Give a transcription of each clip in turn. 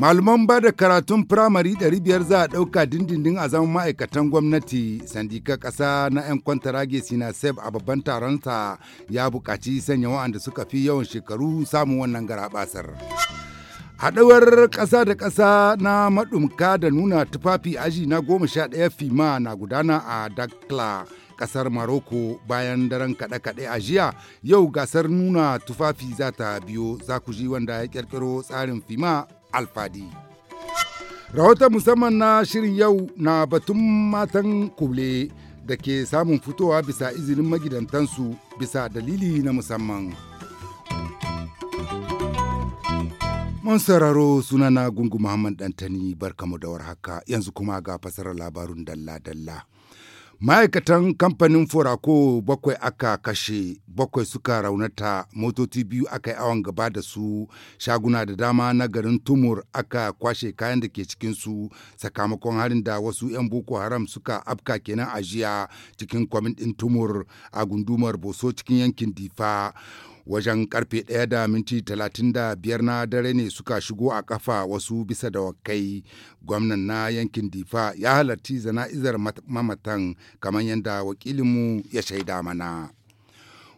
Malaman ba da karatun firamare 500 za a ɗauka dindindin a zaman ma'aikatan gwamnati sandika ƙasa na 'yan kwantarage sinasef a babban taronta ya buƙaci sanya wa'anda suka fi yawan shekaru samun wannan garaɓasar. Haɗawar ƙasa da ƙasa na maɗumka da nuna tufafi aji na goma sha ɗaya fima na gudana a Dakla ƙasar Maroko bayan daren kaɗe-kaɗe a jiya yau gasar nuna tufafi za ta biyo za ku ji wanda ya ƙirƙiro tsarin fima alfadi rahoton musamman na shirin yau na batun matan kule da ke samun fitowa bisa izinin magidantansu bisa dalili na musamman mun sauraro sunana gungu muhammad dantani barkamu da warhaka yanzu kuma ga fasarar labarun dalla-dalla ma'aikatan kamfanin forako bakwai aka kashe bakwai suka raunata motoci biyu aka yi awon gaba da su shaguna da dama na garin tumur aka kwashe kayan da ke cikin su sakamakon harin da wasu 'yan boko haram suka afka kenan ajiya cikin kwamin tumur a gundumar boso cikin yankin difa wajen karfe ɗaya da minti talatin da biyar na dare ne suka shigo a kafa wasu bisa da wakai gwamnan na yankin difa ya halarci zana'izar mamatan kamar yadda wakilinmu ya shaida mana.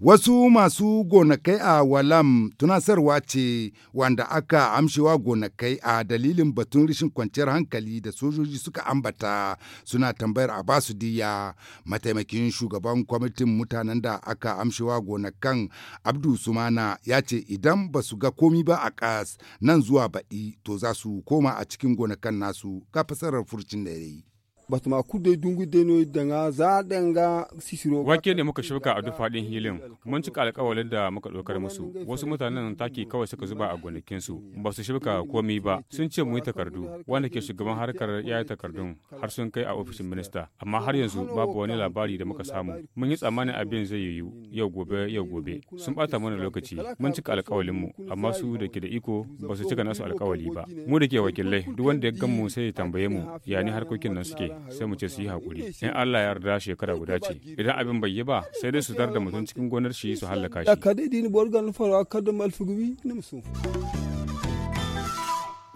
Wasu masu gonakai a Walam tunasarwa ce wanda aka amshewa gonakai a dalilin batun rashin kwanciyar hankali da sojoji suka ambata suna tambayar a basu diya. Mataimakin shugaban kwamitin mutanen da aka amshewa gonakan Abdu Sumana ya ce idan ba su ga komi ba a ƙas nan zuwa baɗi to za su koma a cikin gonakan nasu ga fasarar furcin da ya yi. batuma kudai dungu da danga za danga sisiro wake ne muka shuka a dufaɗin hilin mun cika alƙawalin da muka ɗaukar musu wasu mutanen taki kawai suka zuba a gonakin su ba su shuka komai ba sun ce mu yi takardu wanda ke shugaban harkar yayi takardun har sun kai a ofishin minista amma har yanzu babu wani labari da muka samu mun yi tsammanin abin zai yiwu yau gobe yau gobe sun bata mana lokaci mun cika alƙawalin mu amma su da ke da iko ba su cika nasu alƙawali ba mu da ke wakilai duk wanda ya gan mu sai ya tambaye mu ya ni harkokin nan suke sai mu ce su yi hakuri in Allah ya yarda shekara guda ce idan abin bai yi ba sai dai su tar da mutum cikin gonar shi su hallaka shi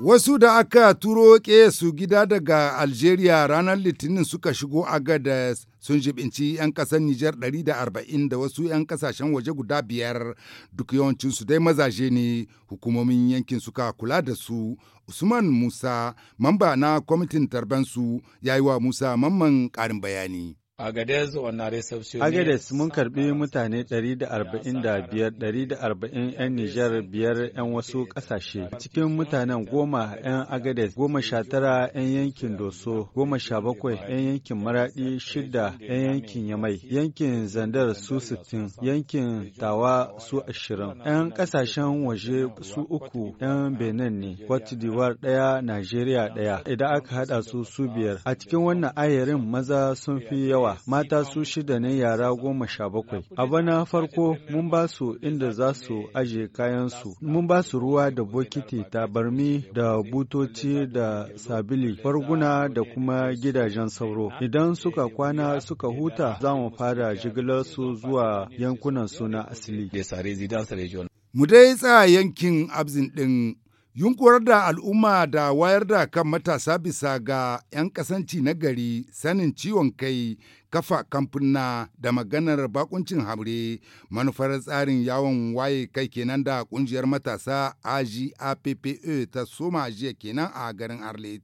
Wasu da aka turo su gida daga Algeria ranar Litinin suka shigo agada sun jibinci 'yan ƙasar Nijar 140 da wasu 'yan ƙasashen waje guda biyar duk yawancinsu dai mazaje ne hukumomin yankin suka kula da su. Usman Musa, mamba na kwamitin tarbansu, ya yi wa Musa mamman ƙarin bayani. Agades mun karbi mutane 145,140 'yan Nijar biyar 'yan wasu ƙasashe. Cikin mutanen goma 'yan Agades, goma sha tara 'yan yankin Doso, goma sha bakwai 'yan yankin Maradi, shida 'yan yankin Yamai, yankin Zandar su sittin, yankin Tawa su ashirin. 'Yan ƙasashen waje su uku 'yan Benin ne, Cote d'Ivoire ɗaya, Najeriya ɗaya. Idan aka haɗa su su biyar. A cikin wannan ayarin maza sun fi yawa yawa mata su shida ne yara goma sha bakwai. A bana farko mun ba su inda za su aje kayansu. Mun ba su ruwa da bokiti tabarmi da butoci da sabili farguna da kuma gidajen sauro. Idan suka kwana suka huta za mu fara jigilar su zuwa yankunan su na asili. Mu dai tsaya yankin abzin ɗin Yunkurar da al'umma da wayar da kan matasa bisa ga 'yan kasanci na gari sanin ciwon kai kafa kamfuna da maganar bakuncin hamre manufar tsarin yawon waye kai kenan da kungiyar matasa AGAPPE ta soma jiya kenan a garin Arlet.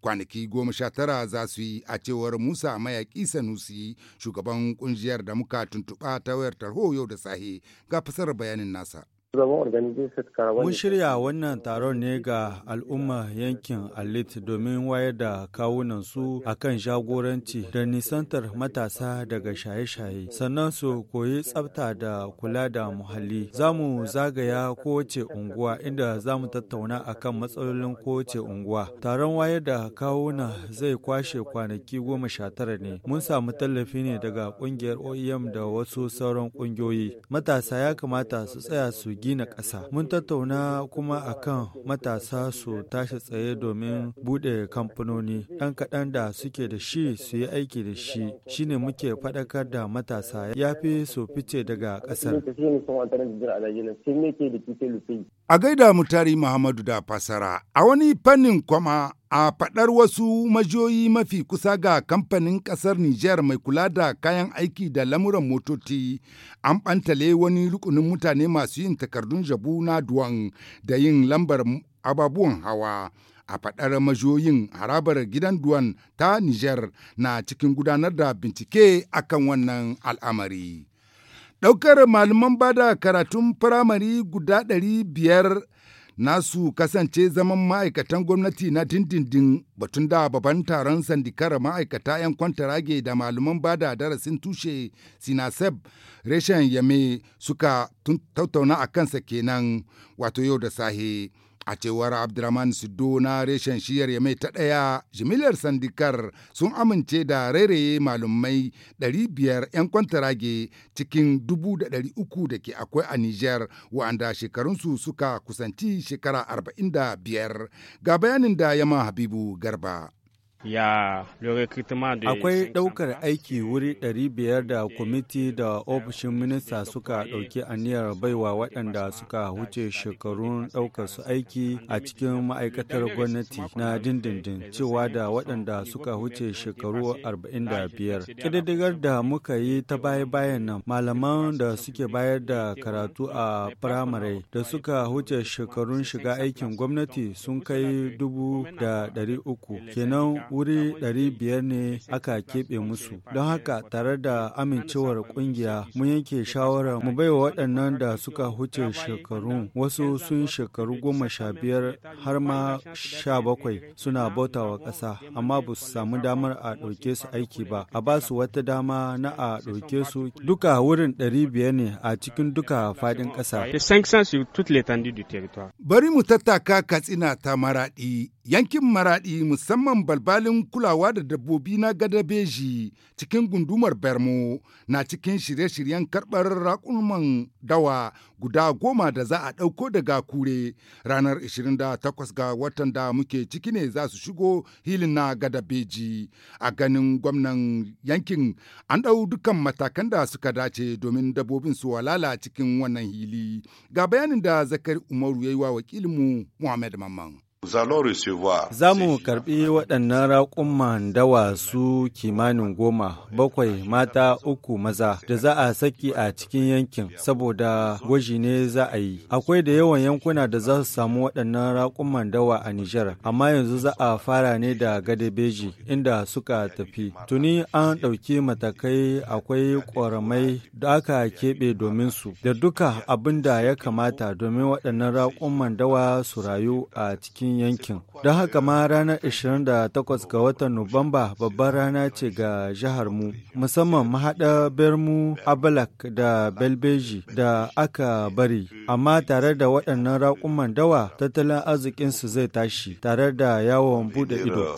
Kwanaki goma sha tara za su yi a cewar Musa Mayaki Sanusi shugaban kungiyar da muka tuntuɓa ta wayar tarho yau da sahe ga fasar bayanin nasa. Mun shirya wannan taron ne ga al'umma yankin Alit domin wayar da kawunan su akan jagoranci da nisantar matasa daga shaye-shaye, sannan su koyi tsafta da kula da muhalli. Za mu zagaya kowace unguwa inda za mu tattauna akan matsalolin kowace unguwa. Taron wayar da kawuna zai kwashe kwanaki goma sha tara ne. Mun samu tallafi ne daga ƙungiyar OEM da wasu sauran ƙungiyoyi. Matasa ya kamata su tsaya su gina ƙasa. Mun tattauna kuma a kan matasa su tashi tsaye domin buɗe kamfanoni ɗan kaɗan da suke da shi su yi aiki da shi shine muke faɗakar da matasa ya fi su fice daga ƙasar. A gaida mutari Muhammadu da fasara a wani fannin kwama A faɗar wasu majoyi mafi kusa ga kamfanin ƙasar Nijar mai kula da kayan aiki da lamuran motoci, an ɓantale wani rukunin mutane masu yin takardun jabu na duwan da yin lambar ababuwan hawa. A faɗar majoyin harabar gidan duwan ta Nijar na cikin gudanar da bincike akan wannan al'amari. Ɗaukar malaman bada karatun firamare guda ɗari biyar nasu kasance zaman ma'aikatan gwamnati na dindindin batun da babban taron sandikar ma'aikata 'yan kwanta rage da malaman bada darasin tushe sinaseb reshen yame suka tattauna a kansa kenan wato yau da sahe. a cewar abdulrahman sido na reshen shiyar ya mai ta ɗaya jimilar sandikar sun amince da rairaye malumai 500 'yan kwantarage cikin 300 da ke akwai a niger wa'anda shekarunsu suka kusanci shekara 45 ga bayanin da yama habibu garba Akwai ɗaukar aiki wuri 500 da kwamiti da ofishin minista suka ɗauki aniyar baiwa waɗanda suka huce shekarun daukar su aiki a cikin ma'aikatar gwamnati na dindindin cewa da waɗanda suka huce shekaru 45. Ƙididdigar da muka yi ta baya-bayan nan malaman da suke bayar da karatu a firamare da suka huce shekarun shiga aikin gwamnati sun kai dubu kenan wuri 500 ne aka keɓe musu. Don haka tare da amincewar ƙungiya mun yanke shawara mu bai wa waɗannan da suka huce shekaru wasu sun shekaru goma sha biyar har ma sha bakwai suna wa ƙasa amma ba su samu damar a ɗauke su aiki ba a ba su wata dama na a ɗauke su duka wurin 500 ne a cikin duka faɗin ƙasa. Bari mu tattaka Katsina ta maraɗi Yankin Maradi, musamman balbalin kulawa da dabbobi na gada beji cikin gundumar Bermo na cikin shirye-shiryen karɓar raƙuman dawa guda goma da za a ɗauko daga kure ranar 28 ga watan da muke ciki ne za su shigo hilin na gada beji A ganin gwamnan yankin an ɗau dukkan matakan da suka dace domin dabbobin su walala cikin wannan hili. Ga bayanin da Zakari Umaru ya yi wa wakilinmu Muhammad Mamman. Za mu karɓi waɗannan raƙumman dawa su kimanin goma, bakwai mata uku maza da za a saki a cikin yankin saboda gwaji ne za a yi. Akwai da yawan yankuna da za su samu waɗannan raƙumman dawa a Nijar, amma yanzu za a fara ne da Gadebeji inda suka tafi. Tuni an ɗauki matakai akwai ƙoramai da aka keɓe domin su da duka abin da ya kamata domin waɗannan raƙumman dawa su rayu a cikin yankin. Don haka ma ranar 28 ga watan Nuwamba babbar rana ce ga jihar mu, musamman mahaɗa Bermu Abalak da Belbeji da aka bari. Amma tare da waɗannan raƙuman dawa tattalin arzikinsu zai tashi tare da yawon buɗe ido.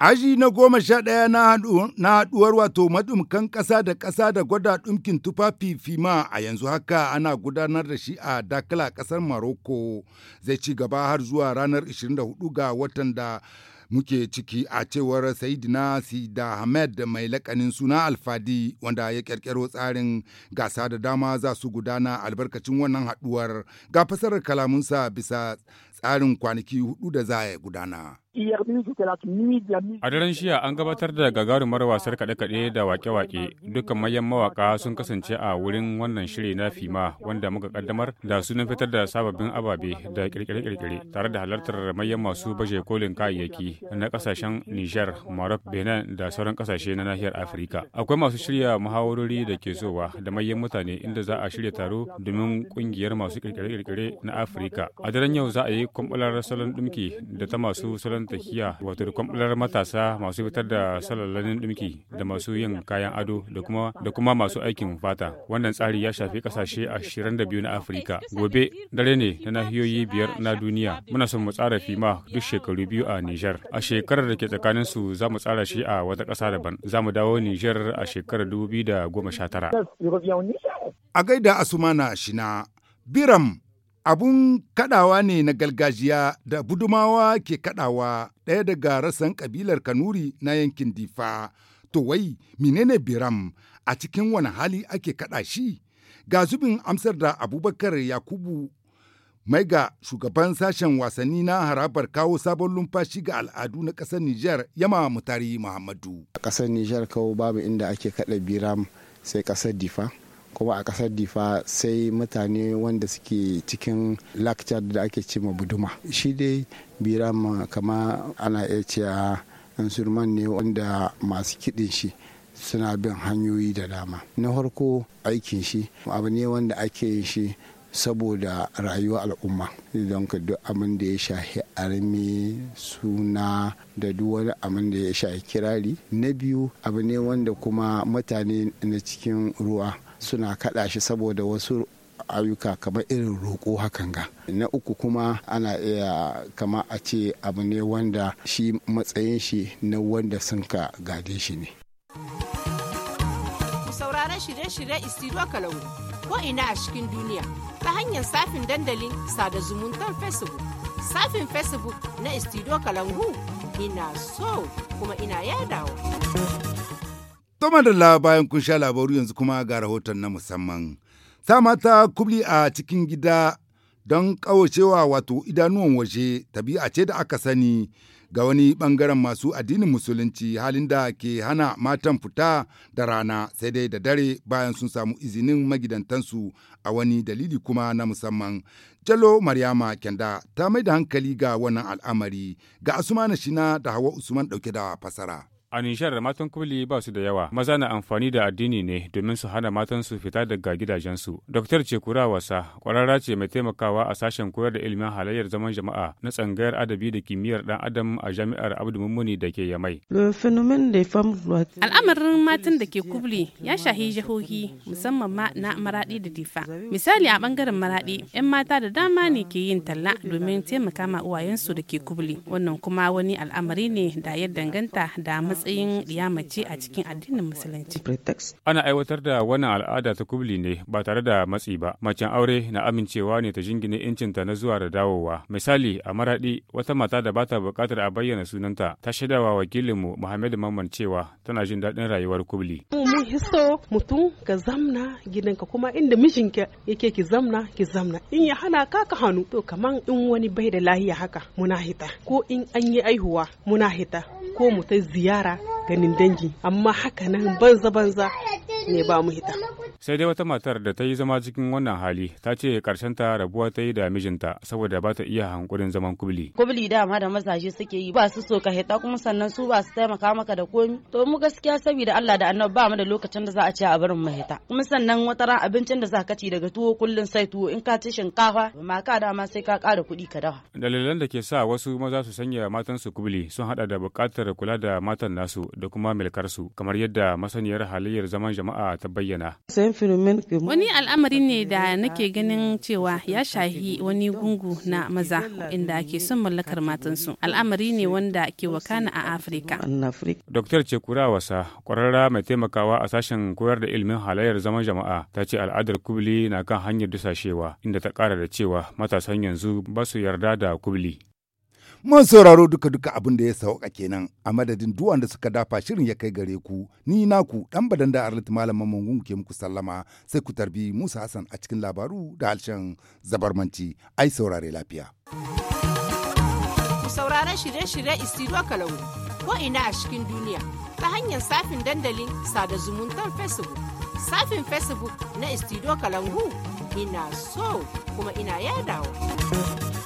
Aji na goma sha ɗaya na haɗuwar wato maɗumkan ƙasa da ƙasa da gwada ɗumkin tufafi fima a yanzu haka ana gudanar da shi a dakala ƙasar Maroko zai ci gaba har zuwa ranar 24 ga watan da muke ciki a cewar Saidina Sida Ahmed mai lakanin suna Alfadi wanda ya ƙirƙiro tsarin gasa da dama za su gudana albarkacin wannan haɗuwar ga fasarar kalamunsa bisa tsarin kwanaki hudu da za gudana. A daren shiya an gabatar da gagarumar wasar kaɗe-kaɗe da waƙe-waƙe dukkan mayan mawaƙa sun kasance a wurin wannan shiri na fima wanda muka kaddamar da sunan fitar da sababbin ababe da kirkire-kirkire tare da halartar mayan masu baje kolin kayayyaki na kasashen Nijar, Maroc, Benin da sauran kasashe na nahiyar Afirka. Akwai masu shirya muhawarori da ke zowa da mayan mutane inda za a shirya taro domin ƙungiyar masu kirkire-kirkire na Afirka. A daren yau za a yi kwamɓalar salon dumki da ta masu salon tahiya wato da kwamfular matasa masu fitar da salalanin dumki da masu yin kayan ado da kuma da kuma masu aikin fata. Wannan tsari ya shafi kasashe biyu na Afirka. Gobe dare ne na nahiyoyi biyar na duniya. Muna son mu tsara fima duk shekaru biyu a Nijar. A shekarar da ke tsakanin su za mu tsara shi a wata ƙasa daban. Za mu dawo Nijar a shekarar goma sha tara. A gaida Asumana Shina, Biram Abun kaɗawa ne na gargajiya da budumawa ke kaɗawa ɗaya daga rassan ƙabilar Kanuri na yankin Difa. To wai menene Biram a cikin wani hali ake kaɗa shi? Ga zubin amsar da Abubakar Yakubu mai ga shugaban sashen wasanni na harabar kawo sabon lumfashi ga al'adu na ƙasar Nijar yama mutari Muhammadu. A ƙasar Nijar kawo babu inda ake kaɗa Biram sai ƙasar Difa. kuma a kasar difa sai mutane wanda suke cikin lakcar da ake ce ma buduma shi dai birama kama ana iya cewa insurman ne wanda masu kiɗin shi suna bin hanyoyi da dama na farko aikin shi abu ne wanda ake yin shi saboda rayuwar al'umma don ka duk abin da ya shahi armi suna da duwar abin da ya shahi kirari na biyu abu ne wanda kuma mutane na cikin ruwa suna kaɗa shi saboda wasu ayyuka kamar irin roƙo hakan ga na uku kuma ana iya kama a ce abu ne wanda shi matsayin shi na wanda sun ka gade shi ne sauraron shirye-shirye istiro kalangu ko ina a cikin duniya ta hanyar safin dandalin sada zumuntar facebook safin facebook na istiro kalangu ina so kuma ina yadawa Toma da bayan kun sha labaru yanzu kuma ga rahoton na musamman. Sa mata kubli a cikin gida don kawacewa wato idanuwan waje tabi'a ce da aka sani ga wani bangaren masu addinin musulunci halin da ke hana matan fita da rana sai dai da dare bayan sun samu izinin magidantansu a wani dalili kuma na musamman jalo maryama kyanda ta mai da hankali ga wannan al'amari ga asuma shina da hawa usman dauke da fasara A Nijar matan kubli ba su da yawa, maza na amfani da addini ne domin su hana matan su fita daga gidajensu. Dr. Cekura Wasa, kwararra ce mai taimakawa a sashen koyar da ilimin halayyar zaman jama'a na tsangayar adabi da kimiyyar dan adam a jami'ar Abdul Mummuni da ke Yamai. Al'amarin matan da ke kubli ya shahi jihohi musamman ma na maraɗi da difa. Misali a bangaren maraɗi, 'yan mata da dama ne ke yin talla domin taimaka ma uwayensu da ke kubli. Wannan kuma wani al'amari ne da ya danganta da matsayin liyamaci a cikin addinin musulunci. Ana aiwatar da wannan al'ada ta kubli ne ba tare da matsi ba. Macen aure na amincewa ne ta jingine incinta na zuwa da dawowa. Misali a Maraɗi wata mata da bata buƙatar a bayyana sunanta ta shaidawa wakilinmu Muhammad Mamman cewa tana jin daɗin rayuwar kubli. Mun hiso mutum ka zamna gidanka kuma inda mijinka yake ki zamna ki zamna in ya hana ka ka hannu to kaman in wani bai da lahiya haka muna hita ko in an yi aihuwa muna hita ko mu ta ziyara ganin dangi amma haka nan banza banza ne ba mu hita sai dai wata matar da ta yi zama cikin wannan hali ta ce karshen ta rabuwa ta yi da mijinta saboda ba ta iya hankurin zaman kubli kubli dama da mazaje suke yi ba su so ka hita kuma sannan su ba su taimaka maka da komi to mu gaskiya saboda Allah da annabi ba mu da lokacin da za a ci a barin mu hita kuma sannan wata ran abincin da za ka ci daga tuwo kullun sai tuwo in ka ci shinkafa ma ka dama sai ka kara kuɗi ka dawa dalilan da ke sa wasu maza su sanya matansu kubli sun hada da buƙatar kula da matan nasu da kuma milkarsu kamar yadda masaniyar halayyar zaman jama'a ta bayyana Wani al'amari ne da nake ganin cewa ya shahi wani gungu na maza inda ke son mallakar matansu. Al'amari ne wanda ke wakana a Afirka. Dr. Cekura Wasa, kwararra mai taimakawa a sashen koyar da ilimin halayyar zaman jama'a, ta ce al'adar kubli na kan hanyar dusashewa, inda ta kara da cewa matasan yanzu ba su yarda da kubli. Mun sauraro duka-duka abin da ya sauka kenan a madadin duk wanda suka dafa shirin ya kai gare ku ni naku dan badan da Arlit Malam ke muku sallama sai ku tarbi Musa Hassan a cikin labaru da harshen zabarmanci ai saurare lafiya. Ku shirye-shirye Istiro Kalau ko ina a cikin duniya ta hanyar safin dandalin sada zumuntar Facebook. Safin Facebook na Istiro Kalangu ina so kuma ina yadawa.